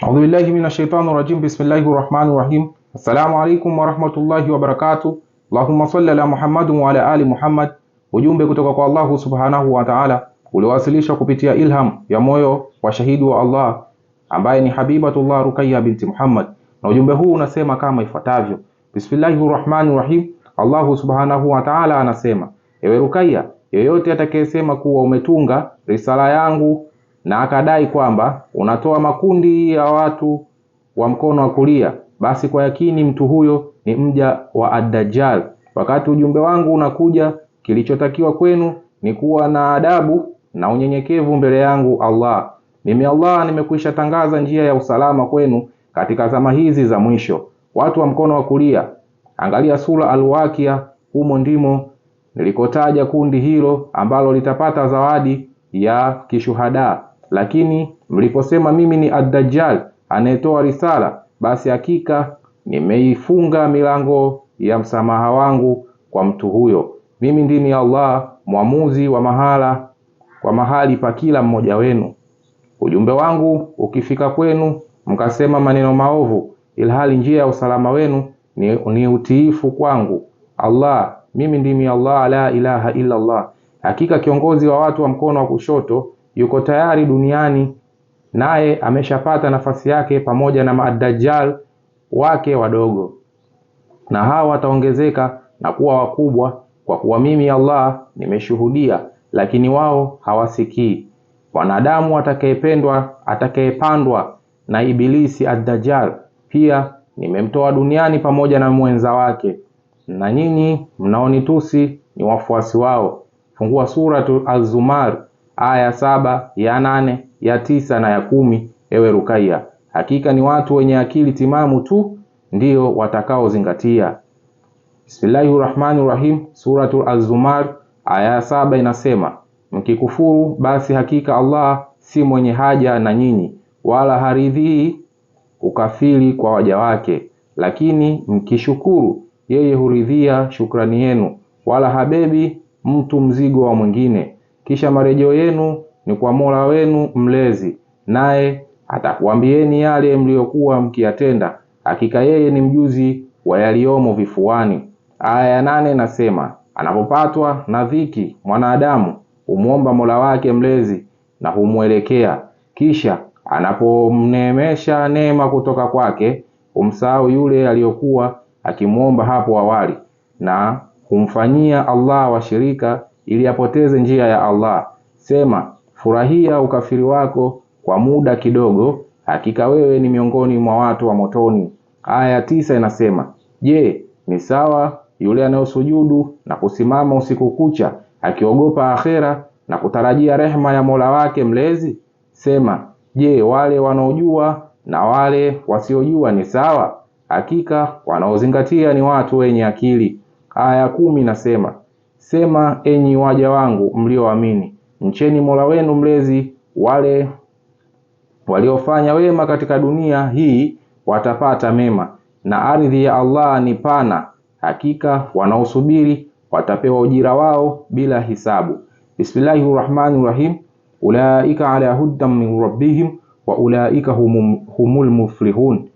A'udhu billahi minashaitanir rajim. Bismillahir rahmanir rahim. Assalamu alaykum wa rahmatullahi Allahumma salli ala Muhammad wa ala ali Muhammad. Ujumbe kutoka kwa Allahu subhanahu wa ta'ala uliowasilishwa kupitia ilham ya moyo wa shahidi wa Allah ambaye ni Habibatullah Ruqayya binti Muhammad, na ujumbe huu unasema kama ifuatavyo: Bismillahir rahmanir rahim. Allahu subhanahu wa ta'ala anasema, ewe Ruqayya, yeyote atakayesema kuwa umetunga risala yangu na akadai kwamba unatoa makundi ya watu wa mkono wa kulia, basi kwa yakini mtu huyo ni mja wa adajal Wakati ujumbe wangu unakuja, kilichotakiwa kwenu ni kuwa na adabu na unyenyekevu mbele yangu Allah. Mimi Allah nimekwisha tangaza njia ya usalama kwenu katika zama hizi za mwisho. Watu wa mkono wa kulia, angalia sura al humo ndimo nilikotaja kundi hilo ambalo litapata zawadi ya kishuhada. Lakini mliposema mimi ni ad-Dajjal anayetoa risala, basi hakika nimeifunga milango ya msamaha wangu kwa mtu huyo. Mimi ndini Allah mwamuzi wa mahala kwa mahali pa kila mmoja wenu. Ujumbe wangu ukifika kwenu, mkasema maneno maovu, ilhali njia ya usalama wenu ni, ni utiifu kwangu Allah. Mimi ndimi Allah, la ilaha illa Allah. Hakika kiongozi wa watu wa mkono wa kushoto yuko tayari duniani naye ameshapata nafasi yake pamoja na maadajal wake wadogo, na hawa wataongezeka na kuwa wakubwa, kwa kuwa mimi Allah nimeshuhudia, lakini wao hawasikii. wanadamu atakayependwa atakayepandwa na Ibilisi addajal pia nimemtoa duniani pamoja na mwenza wake, na nyinyi mnaonitusi ni wafuasi wao. Fungua Suratu Az-Zumar aya saba ya nane ya tisa na ya kumi Ewe Rukaiya, hakika ni watu wenye akili timamu tu ndio watakaozingatia. Bismillahi rahmani rahim. Suratu aya ya saba inasema, mkikufuru basi hakika Allah si mwenye haja na nyinyi wala haridhii ukafiri kwa waja wake, lakini mkishukuru yeye huridhia shukrani yenu, wala habebi mtu mzigo wa mwingine kisha marejeo yenu ni kwa Mola wenu Mlezi, naye atakuambieni yale mliyokuwa mkiyatenda. Hakika yeye ni mjuzi wa yaliyomo vifuani. Aya ya nane nasema, anapopatwa na dhiki mwanadamu humwomba Mola wake Mlezi na humwelekea, kisha anapomneemesha neema kutoka kwake humsahau yule aliyokuwa akimwomba hapo awali na humfanyia Allah washirika ili apoteze njia ya Allah. Sema, furahia ukafiri wako kwa muda kidogo, hakika wewe ni miongoni mwa watu wa motoni. Aya tisa inasema, je, ni sawa yule anayosujudu na kusimama usiku kucha akiogopa akhera na kutarajia rehema ya Mola wake mlezi? Sema, je, wale wanaojua na wale wasiojua ni sawa? Hakika wanaozingatia ni watu wenye akili. Aya kumi inasema Sema, enyi waja wangu mlioamini, mcheni Mola wenu mlezi, wale waliofanya wema katika dunia hii watapata mema, na ardhi ya Allah ni pana. Hakika wanaosubiri watapewa ujira wao bila hisabu. bismillahi rahmani Rahim. Ulaika ala hudan min rabbihim wa ulaika humum, muflihun.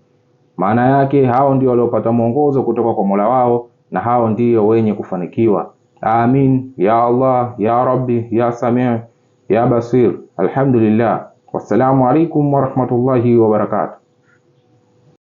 Maana yake hao ndio waliopata mwongozo kutoka kwa Mola wao na hao ndio wenye kufanikiwa. آمين يا الله يا ربي يا سميع يا بصير الحمد لله والسلام عليكم ورحمة الله وبركاته